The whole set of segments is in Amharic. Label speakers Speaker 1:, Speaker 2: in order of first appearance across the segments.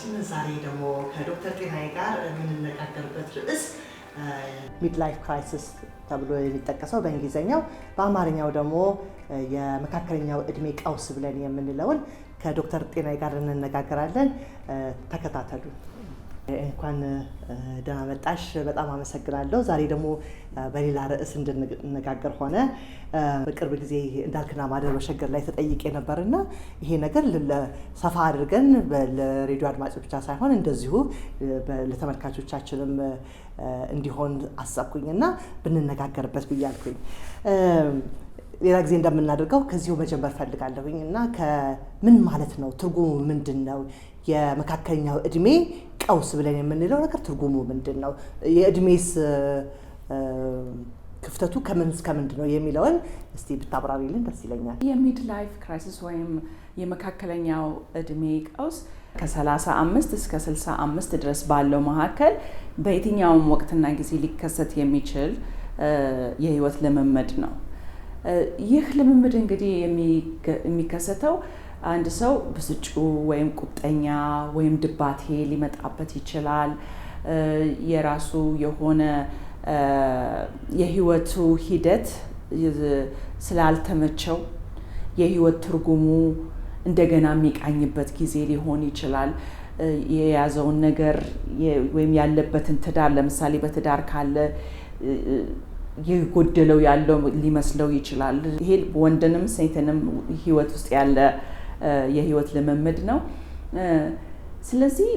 Speaker 1: ቆይታችን ዛሬ ደግሞ ከዶክተር ጤናዬ ጋር የምንነጋገርበት ርዕስ ሚድ ላይፍ ክራይሲስ ተብሎ የሚጠቀሰው በእንግሊዝኛው፣ በአማርኛው ደግሞ የመካከለኛው እድሜ ቀውስ ብለን የምንለውን ከዶክተር ጤናዬ ጋር እንነጋገራለን። ተከታተሉ። እንኳን ደህና መጣሽ። በጣም አመሰግናለሁ። ዛሬ ደግሞ በሌላ ርዕስ እንድንነጋገር ሆነ። በቅርብ ጊዜ እንዳልክና ማደር በሸገር ላይ ተጠይቄ ነበርና ይሄ ነገር ሰፋ አድርገን ለሬዲዮ አድማጮች ብቻ ሳይሆን እንደዚሁ ለተመልካቾቻችንም እንዲሆን አሳብኩኝና ብንነጋገርበት ብያልኩኝ ሌላ ጊዜ እንደምናደርገው ከዚሁ መጀመር ፈልጋለሁኝ እና ከምን ማለት ነው ትርጉሙ ምንድን ነው የመካከለኛው እድሜ ቀውስ ብለን የምንለው ነገር ትርጉሙ ምንድን ነው? የእድሜስ ክፍተቱ ከምን እስከ ምንድ ነው የሚለውን እስቲ ብታብራሪልን ደስ ይለኛል።
Speaker 2: የሚድ ላይፍ ክራይሲስ ወይም የመካከለኛው እድሜ ቀውስ ከ35 እስከ 65 ድረስ ባለው መካከል በየትኛውም ወቅትና ጊዜ ሊከሰት የሚችል የህይወት ልምምድ ነው። ይህ ልምምድ እንግዲህ የሚከሰተው አንድ ሰው ብስጩ ወይም ቁጠኛ ወይም ድባቴ ሊመጣበት ይችላል። የራሱ የሆነ የህይወቱ ሂደት ስላልተመቸው የህይወት ትርጉሙ እንደገና የሚቃኝበት ጊዜ ሊሆን ይችላል። የያዘውን ነገር ወይም ያለበትን ትዳር ለምሳሌ በትዳር ካለ የጎደለው ያለው ሊመስለው ይችላል። ይሄ ወንድንም ሴትንም ህይወት ውስጥ ያለ የህይወት ልምምድ ነው። ስለዚህ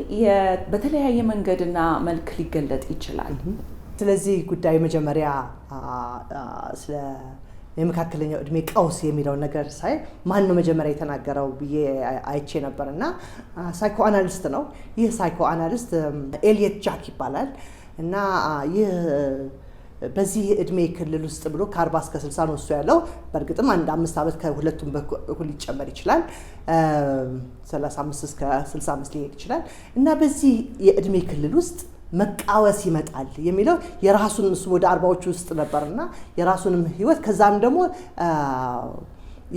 Speaker 2: በተለያየ መንገድና መልክ ሊገለጥ ይችላል።
Speaker 1: ስለዚህ ጉዳይ መጀመሪያ ስለ የመካከለኛው እድሜ ቀውስ የሚለውን ነገር ሳይ ማን ነው መጀመሪያ የተናገረው ብዬ አይቼ ነበር እና ሳይኮ አናሊስት ነው። ይህ ሳይኮ አናሊስት ኤልየት ጃክ ይባላል እና ይህ በዚህ እድሜ ክልል ውስጥ ብሎ ከ40 እስከ 60 ነው እሱ ያለው። በእርግጥም አንድ አምስት ዓመት ከሁለቱም በኩል ሊጨመር ይችላል። 35 እስከ 65 ሊሄድ ይችላል እና በዚህ የእድሜ ክልል ውስጥ መቃወስ ይመጣል የሚለው የራሱን እሱ ወደ አርባዎቹ ውስጥ ነበርና የራሱንም ህይወት ከዛም ደግሞ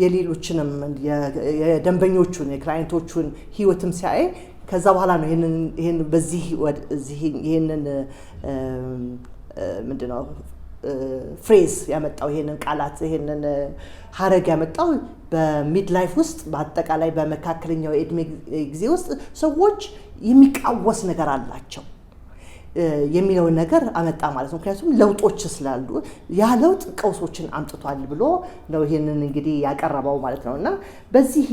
Speaker 1: የሌሎችንም የደንበኞቹን የክላይንቶቹን ህይወትም ሲያይ ከዛ በኋላ ነው ይህንን በዚህ ይህንን ምንድነው ፍሬዝ ያመጣው ይሄንን ቃላት ይሄንን ሀረግ ያመጣው በሚድ ላይፍ ውስጥ በአጠቃላይ በመካከለኛው የእድሜ ጊዜ ውስጥ ሰዎች የሚቃወስ ነገር አላቸው የሚለውን ነገር አመጣ ማለት ነው። ምክንያቱም ለውጦች ስላሉ ያ ለውጥ ቀውሶችን አምጥቷል ብሎ ነው ይህንን እንግዲህ ያቀረበው ማለት ነው እና በዚህ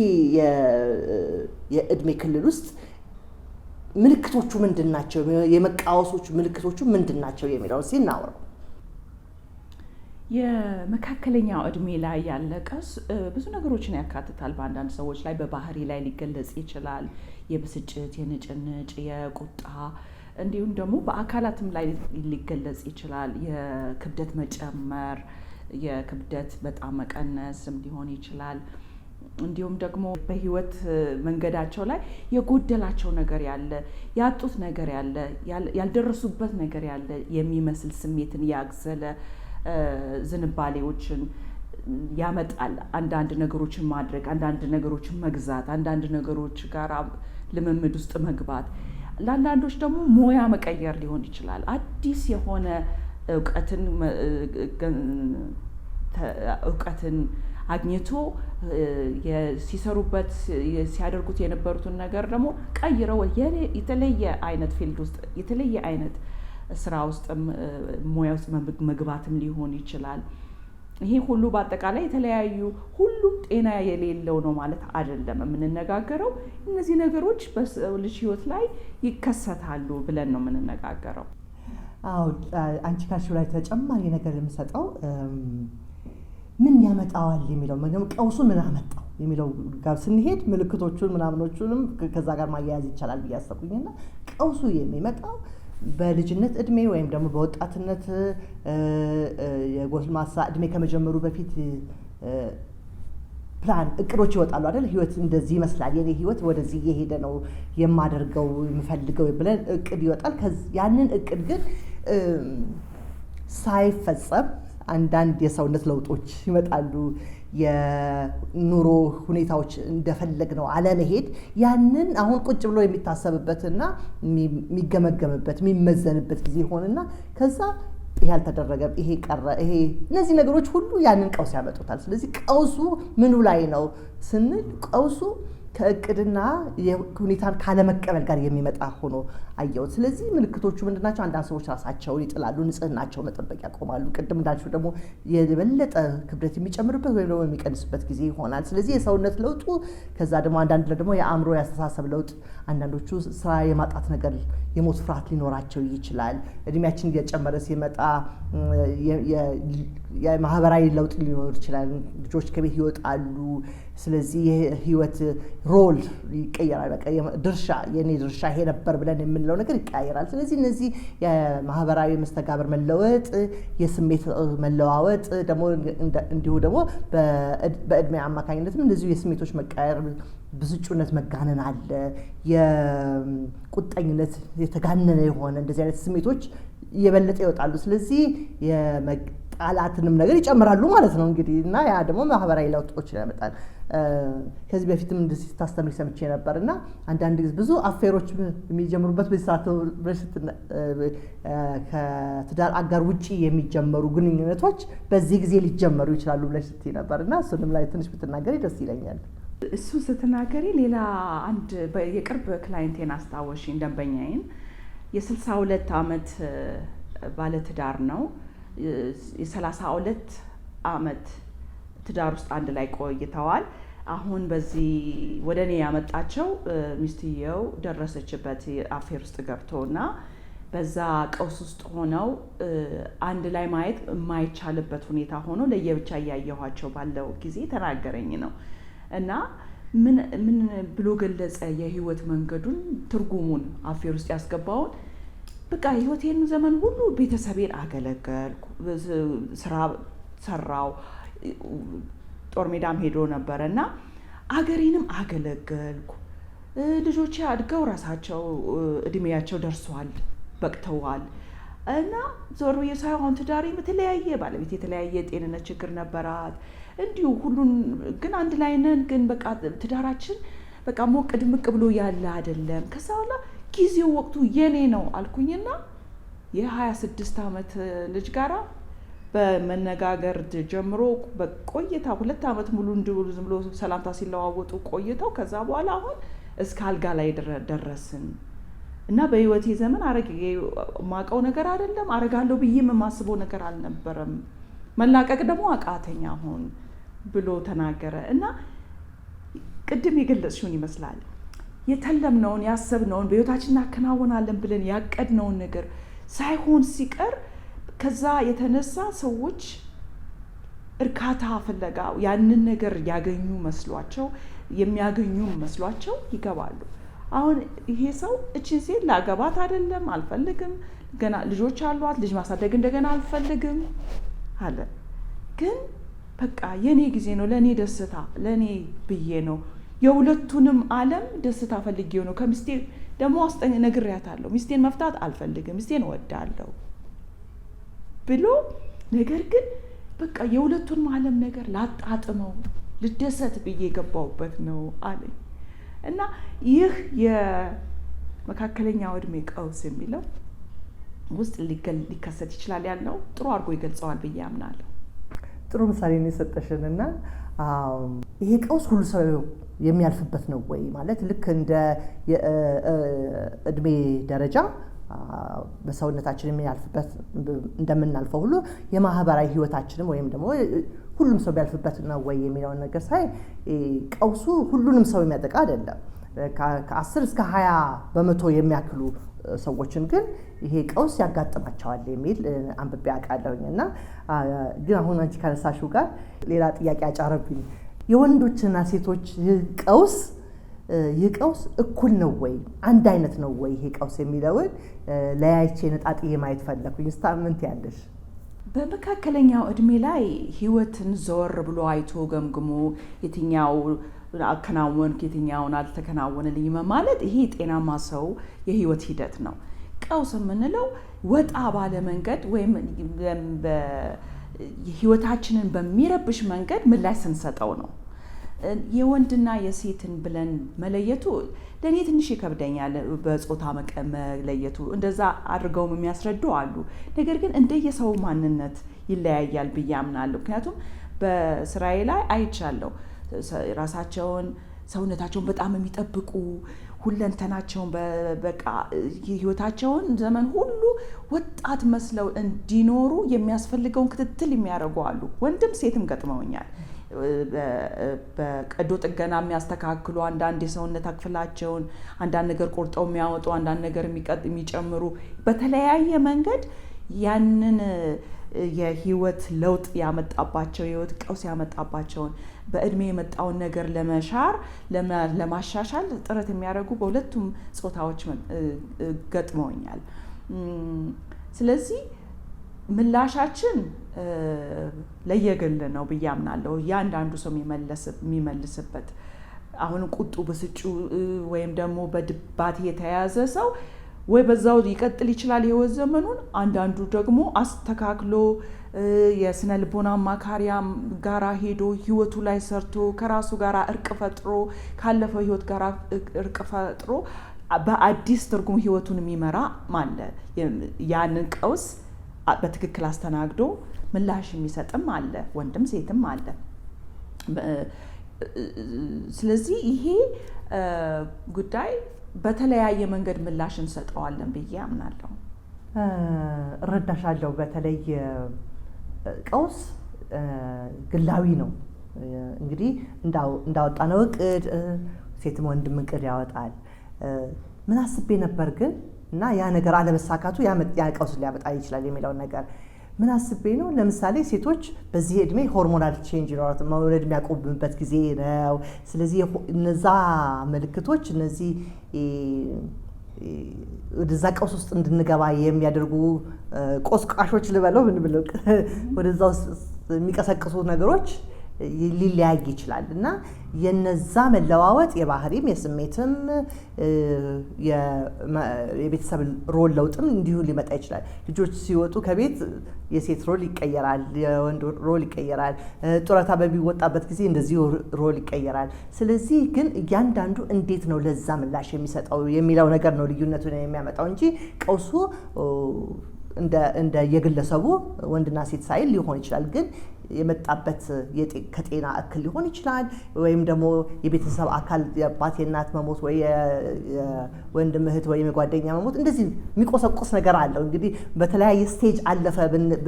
Speaker 1: የእድሜ ክልል ውስጥ ምልክቶቹ ምንድን ናቸው? የመቃወሶቹ ምልክቶቹ ምንድን ናቸው የሚለውን ሲናወረው
Speaker 2: የመካከለኛው እድሜ ላይ ያለ ቀስ ብዙ ነገሮችን ያካትታል። በአንዳንድ ሰዎች ላይ በባህሪ ላይ ሊገለጽ ይችላል። የብስጭት፣ የንጭንጭ፣ የቁጣ እንዲሁም ደግሞ በአካላትም ላይ ሊገለጽ ይችላል። የክብደት መጨመር፣ የክብደት በጣም መቀነስም ሊሆን ይችላል። እንዲሁም ደግሞ በህይወት መንገዳቸው ላይ የጎደላቸው ነገር ያለ ያጡት ነገር ያለ ያልደረሱበት ነገር ያለ የሚመስል ስሜትን ያግዘለ ዝንባሌዎችን ያመጣል። አንዳንድ ነገሮችን ማድረግ፣ አንዳንድ ነገሮችን መግዛት፣ አንዳንድ ነገሮች ጋር ልምምድ ውስጥ መግባት፣ ለአንዳንዶች ደግሞ ሙያ መቀየር ሊሆን ይችላል። አዲስ የሆነ እውቀትን እውቀትን አግኝቶ ሲሰሩበት ሲያደርጉት የነበሩትን ነገር ደግሞ ቀይረው የተለየ አይነት ፊልድ ውስጥ የተለየ አይነት ስራ ውስጥ ሙያ ውስጥ መግባትም ሊሆን ይችላል። ይሄ ሁሉ በአጠቃላይ የተለያዩ ሁሉም ጤና የሌለው ነው ማለት አይደለም የምንነጋገረው። እነዚህ ነገሮች በሰው ልጅ ህይወት ላይ ይከሰታሉ ብለን ነው የምንነጋገረው።
Speaker 1: አዎ አንቺ ካልሽው ላይ ተጨማሪ ነገር የምሰጠው ያመጣዋል የሚለው ምክንያቱም ቀውሱን ምን አመጣው የሚለው ጋር ስንሄድ ምልክቶቹን ምናምኖቹንም ከዛ ጋር ማያያዝ ይቻላል ብዬ አሰብኩኝና ቀውሱ የሚመጣው በልጅነት እድሜ ወይም ደግሞ በወጣትነት የጎልማሳ እድሜ ከመጀመሩ በፊት ፕላን እቅዶች ይወጣሉ አይደል? ህይወት እንደዚህ ይመስላል፣ የኔ ህይወት ወደዚህ እየሄደ ነው፣ የማደርገው የምፈልገው ብለን እቅድ ይወጣል። ያንን እቅድ ግን ሳይፈጸም አንዳንድ የሰውነት ለውጦች ይመጣሉ። የኑሮ ሁኔታዎች እንደፈለግነው አለመሄድ ያንን አሁን ቁጭ ብሎ የሚታሰብበትና የሚገመገምበት የሚመዘንበት ጊዜ ሆንና ከዛ ይሄ አልተደረገም፣ ይሄ ቀረ፣ ይሄ እነዚህ ነገሮች ሁሉ ያንን ቀውስ ያመጡታል። ስለዚህ ቀውሱ ምኑ ላይ ነው? ስንል ቀውሱ ከእቅድና ሁኔታን ካለመቀበል ጋር የሚመጣ ሆኖ አየሁት። ስለዚህ ምልክቶቹ ምንድናቸው? አንዳንድ ሰዎች ራሳቸውን ይጥላሉ፣ ንጽህናቸው መጠበቅ ያቆማሉ። ቅድም እንዳልሽው ደግሞ የበለጠ ክብደት የሚጨምርበት ወይም ደግሞ የሚቀንስበት ጊዜ ይሆናል። ስለዚህ የሰውነት ለውጡ ከዛ ደግሞ አንዳንድ ደግሞ የአእምሮ ያስተሳሰብ ለውጥ፣ አንዳንዶቹ ስራ የማጣት ነገር፣ የሞት ፍርሃት ሊኖራቸው ይችላል። እድሜያችን እየጨመረ ሲመጣ የማህበራዊ ለውጥ ሊኖር ይችላል። ልጆች ከቤት ይወጣሉ። ስለዚህ የህይወት ሮል ይቀየራል። በቃ ድርሻ የኔ ድርሻ ይሄ ነበር ብለን የምንለው ነገር ይቀያየራል። ስለዚህ እነዚህ የማህበራዊ መስተጋብር መለወጥ፣ የስሜት መለዋወጥ ደግሞ እንዲሁ ደግሞ በእድሜ አማካኝነትም እንደዚሁ የስሜቶች መቀየር ብስጩነት፣ መጋነን አለ። የቁጠኝነት የተጋነነ የሆነ እንደዚህ አይነት ስሜቶች የበለጠ ይወጣሉ። ስለዚህ ቃላትንም ነገር ይጨምራሉ ማለት ነው እንግዲህ እና ያ ደግሞ ማህበራዊ ለውጦች ያመጣል። ከዚህ በፊትም እንደ ስታስተምሪ ሰምቼ ነበር እና አንዳንድ ጊዜ ብዙ አፌሮች የሚጀምሩበት በዚህ ሰዓት በፊት ከትዳር አጋር ውጪ የሚጀመሩ ግንኙነቶች በዚህ ጊዜ ሊጀመሩ ይችላሉ ብለሽ ስትይ ነበር እና እሱንም ላይ ትንሽ ብትናገሪ ደስ ይለኛል።
Speaker 2: እሱ ስትናገሪ ሌላ አንድ የቅርብ ክላይንቴን አስታወሽ ደንበኛዬን የስልሳ ሁለት ዓመት ባለትዳር ነው የሰላሳ ሁለት አመት ትዳር ውስጥ አንድ ላይ ቆይተዋል። አሁን በዚህ ወደ እኔ ያመጣቸው ሚስትየው ደረሰችበት አፌር ውስጥ ገብቶ እና በዛ ቀውስ ውስጥ ሆነው አንድ ላይ ማየት የማይቻልበት ሁኔታ ሆኖ ለየብቻ እያየኋቸው ባለው ጊዜ ተናገረኝ ነው እና ምን ብሎ ገለጸ የህይወት መንገዱን ትርጉሙን አፌር ውስጥ ያስገባውን በቃ ህይወቴን ዘመን ሁሉ ቤተሰቤን አገለገልኩ፣ ስራ ሰራው፣ ጦር ሜዳም ሄዶ ነበረ እና አገሬንም አገለገልኩ። ልጆቼ አድገው ራሳቸው እድሜያቸው ደርሷል፣ በቅተዋል እና ዞር ብዬ ሳይሆን አሁን ትዳሬ በተለያየ ባለቤት የተለያየ ጤንነት ችግር ነበራት። እንዲሁ ሁሉን ግን አንድ ላይ ነን፣ ግን በቃ ትዳራችን በቃ ሞቅ ድምቅ ብሎ ያለ አይደለም። ከዛ በኋላ ጊዜው ወቅቱ የኔ ነው አልኩኝና የ26 ዓመት ልጅ ጋር በመነጋገር ጀምሮ በቆይታ ሁለት ዓመት ሙሉ እንዲውሉ ዝም ብሎ ሰላምታ ሲለዋወጡ ቆይተው ከዛ በኋላ አሁን እስከ አልጋ ላይ ደረስን እና በህይወቴ ዘመን አረግ የማውቀው ነገር አይደለም። አረጋለሁ ብዬ የማስበው ነገር አልነበረም። መላቀቅ ደግሞ አቃተኝ አሁን ብሎ ተናገረ እና ቅድም የገለጽሽውን ይመስላል የተለምነውን ያሰብነውን በህይወታችን እናከናወናለን ብለን ያቀድነውን ነገር ሳይሆን ሲቀር ከዛ የተነሳ ሰዎች እርካታ ፍለጋ ያንን ነገር ያገኙ መስሏቸው የሚያገኙ መስሏቸው ይገባሉ። አሁን ይሄ ሰው እችን ሴት ላገባት አይደለም አልፈልግም፣ ገና ልጆች አሏት፣ ልጅ ማሳደግ እንደገና አልፈልግም አለ። ግን በቃ የእኔ ጊዜ ነው ለእኔ ደስታ ለእኔ ብዬ ነው የሁለቱንም ዓለም ደስታ ፈልጌው ነው። ከሚስቴ ደግሞ አስጠኝ ነግሬያታለሁ። ሚስቴን መፍታት አልፈልግም፣ ሚስቴን እወዳለሁ ብሎ ነገር ግን በቃ የሁለቱንም ዓለም ነገር ላጣጥመው ልደሰት ብዬ የገባሁበት ነው አለኝ እና ይህ የመካከለኛ ዕድሜ ቀውስ የሚለው ውስጥ ሊከሰት ይችላል ያለው ጥሩ አድርጎ ይገልጸዋል ብዬ አምናለሁ።
Speaker 1: ጥሩ ምሳሌ ነው የሰጠሽን እና ይሄ ቀውስ ሁሉ ሰው የሚያልፍበት ነው ወይ ማለት ልክ እንደ እድሜ ደረጃ በሰውነታችን የሚያልፍበት እንደምናልፈው ሁሉ የማህበራዊ ህይወታችንም ወይም ደግሞ ሁሉም ሰው ቢያልፍበት ነው ወይ የሚለውን ነገር ሳይ ቀውሱ ሁሉንም ሰው የሚያጠቃ አይደለም። ከአስር እስከ ሀያ በመቶ የሚያክሉ ሰዎችን ግን ይሄ ቀውስ ያጋጥማቸዋል የሚል አንብቤ አውቃለሁኝ። እና ግን አሁን አንቺ ካነሳሽው ጋር ሌላ ጥያቄ አጫረብኝ። የወንዶችና ሴቶች ቀውስ ይህ ቀውስ እኩል ነው ወይ? አንድ አይነት ነው ወይ? ይሄ ቀውስ የሚለውን ለያይቼ ነጣጥዬ ማየት ፈለኩኝ። ስታምንት ያለሽ
Speaker 2: በመካከለኛው እድሜ ላይ ህይወትን ዞር ብሎ አይቶ ገምግሞ የትኛው አከናወን የትኛውን አልተከናወንልኝም ማለት ይሄ ጤናማ ሰው የህይወት ሂደት ነው። ቀውስ የምንለው ወጣ ባለ መንገድ ወይም ህይወታችንን በሚረብሽ መንገድ ምላሽ ስንሰጠው ነው። የወንድና የሴትን ብለን መለየቱ ለእኔ ትንሽ ይከብደኛል። በጾታ መለየቱ እንደዛ አድርገውም የሚያስረዱ አሉ። ነገር ግን እንደየሰው ማንነት ይለያያል ብዬ አምናለሁ። ምክንያቱም በስራዬ ላይ አይቻለሁ ራሳቸውን ሰውነታቸውን በጣም የሚጠብቁ ሁለንተናቸውን በቃ ህይወታቸውን ዘመን ሁሉ ወጣት መስለው እንዲኖሩ የሚያስፈልገውን ክትትል የሚያደርጉ አሉ። ወንድም ሴትም ገጥመውኛል። በቀዶ ጥገና የሚያስተካክሉ አንዳንድ የሰውነት አክፍላቸውን አንዳንድ ነገር ቆርጠው የሚያወጡ አንዳንድ ነገር የሚጨምሩ በተለያየ መንገድ ያንን የህይወት ለውጥ ያመጣባቸው የህይወት ቀውስ ያመጣባቸውን በእድሜ የመጣውን ነገር ለመሻር ለማሻሻል ጥረት የሚያደርጉ በሁለቱም ጾታዎች ገጥመውኛል። ስለዚህ ምላሻችን ለየግል ነው ብዬ አምናለሁ። እያንዳንዱ ሰው የሚመልስበት አሁን ቁጡ፣ ብስጩ ወይም ደግሞ በድባት የተያዘ ሰው ወይ በዛው ሊቀጥል ይችላል ህይወት ዘመኑን። አንዳንዱ ደግሞ አስተካክሎ የስነ ልቦና አማካሪያ ጋራ ሄዶ ህይወቱ ላይ ሰርቶ ከራሱ ጋር እርቅ ፈጥሮ ካለፈው ህይወት ጋር እርቅ ፈጥሮ በአዲስ ትርጉም ህይወቱን የሚመራ አለ። ያንን ቀውስ በትክክል አስተናግዶ ምላሽ የሚሰጥም አለ፣ ወንድም ሴትም አለ። ስለዚህ ይሄ ጉዳይ በተለያየ መንገድ ምላሽ እንሰጠዋለን ብዬ አምናለሁ።
Speaker 1: እረዳሻለሁ በተለይ ቀውስ ግላዊ ነው። እንግዲህ እንዳወጣነው እቅድ ሴትም ወንድም እቅድ ያወጣል። ምን አስቤ ነበር ግን እና ያ ነገር አለመሳካቱ ያ ቀውስ ሊያመጣ ይችላል የሚለውን ነገር ምን አስቤ ነው። ለምሳሌ ሴቶች በዚህ እድሜ ሆርሞናል ቼንጅ ይኖራት መውለድ የሚያቆምበት ጊዜ ነው። ስለዚህ እነዛ ምልክቶች እነዚህ ወደዛ ቀውስ ውስጥ እንድንገባ የሚያደርጉ ቆስቋሾች ልበለው ምን ብለው ወደዛ ውስጥ የሚቀሰቅሱ ነገሮች ሊለያይ ይችላል እና የነዛ መለዋወጥ የባህሪም የስሜትም የቤተሰብ ሮል ለውጥም እንዲሁ ሊመጣ ይችላል። ልጆች ሲወጡ ከቤት የሴት ሮል ይቀየራል፣ የወንድ ሮል ይቀየራል። ጡረታ በሚወጣበት ጊዜ እንደዚህ ሮል ይቀየራል። ስለዚህ ግን እያንዳንዱ እንዴት ነው ለዛ ምላሽ የሚሰጠው የሚለው ነገር ነው ልዩነቱን የሚያመጣው እንጂ ቀውሱ እንደ የግለሰቡ ወንድና ሴት ሳይል ሊሆን ይችላል ግን የመጣበት ከጤና እክል ሊሆን ይችላል። ወይም ደግሞ የቤተሰብ አካል የአባት የእናት መሞት ወይ ወንድም እህት ወይም የጓደኛ መሞት እንደዚህ የሚቆሰቁስ ነገር አለው። እንግዲህ በተለያየ ስቴጅ አለፈ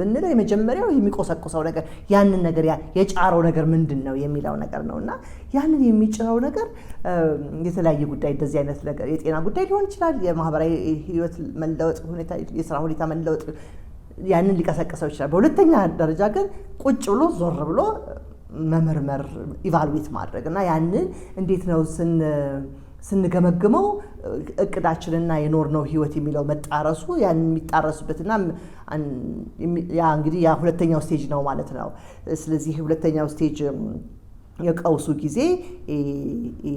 Speaker 1: ብንለው የመጀመሪያው የሚቆሰቁሰው ነገር ያንን ነገር የጫረው ነገር ምንድን ነው የሚለው ነገር ነው እና ያንን የሚጭረው ነገር የተለያየ ጉዳይ እንደዚህ አይነት ነገር የጤና ጉዳይ ሊሆን ይችላል። የማህበራዊ ህይወት መለወጥ ሁኔታ፣ የስራ ሁኔታ መለወጥ ያንን ሊቀሰቅሰው ይችላል። በሁለተኛ ደረጃ ግን ቁጭ ብሎ ዞር ብሎ መመርመር ኢቫሉዌት ማድረግ እና ያንን እንዴት ነው ስንገመግመው እቅዳችንና የኖር ነው ህይወት የሚለው መጣረሱ ያን የሚጣረሱበትና ያ እንግዲህ ያ ሁለተኛው ስቴጅ ነው ማለት ነው። ስለዚህ ሁለተኛው ስቴጅ የቀውሱ ጊዜ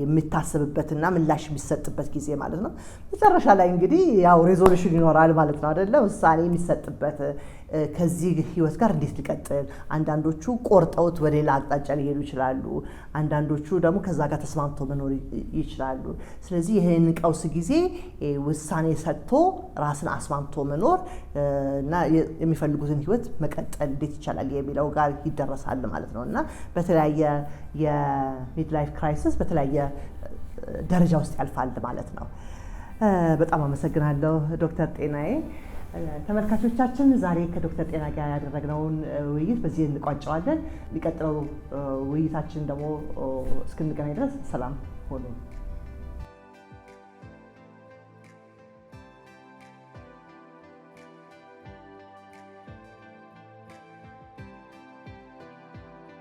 Speaker 1: የሚታሰብበትና ምላሽ የሚሰጥበት ጊዜ ማለት ነው። መጨረሻ ላይ እንግዲህ ያው ሬዞሉሽን ይኖራል ማለት ነው አደለ? ውሳኔ የሚሰጥበት ከዚህ ህይወት ጋር እንዴት ሊቀጥል፣ አንዳንዶቹ ቆርጠውት ወደ ሌላ አቅጣጫ ሊሄዱ ይችላሉ። አንዳንዶቹ ደግሞ ከዛ ጋር ተስማምተው መኖር ይችላሉ። ስለዚህ ይህን ቀውስ ጊዜ ውሳኔ ሰጥቶ ራስን አስማምቶ መኖር እና የሚፈልጉትን ህይወት መቀጠል እንዴት ይቻላል የሚለው ጋር ይደረሳል ማለት ነው እና በተለያየ የሚድላይፍ ክራይሲስ በተለያየ ደረጃ ውስጥ ያልፋል ማለት ነው። በጣም አመሰግናለሁ ዶክተር ጤናዬ። ተመልካቾቻችን ዛሬ ከዶክተር ጤና ጋር ያደረግነውን ውይይት በዚህ እንቋጨዋለን። የሚቀጥለው ውይይታችን ደግሞ እስክንገናኝ ድረስ ሰላም ሆኑ።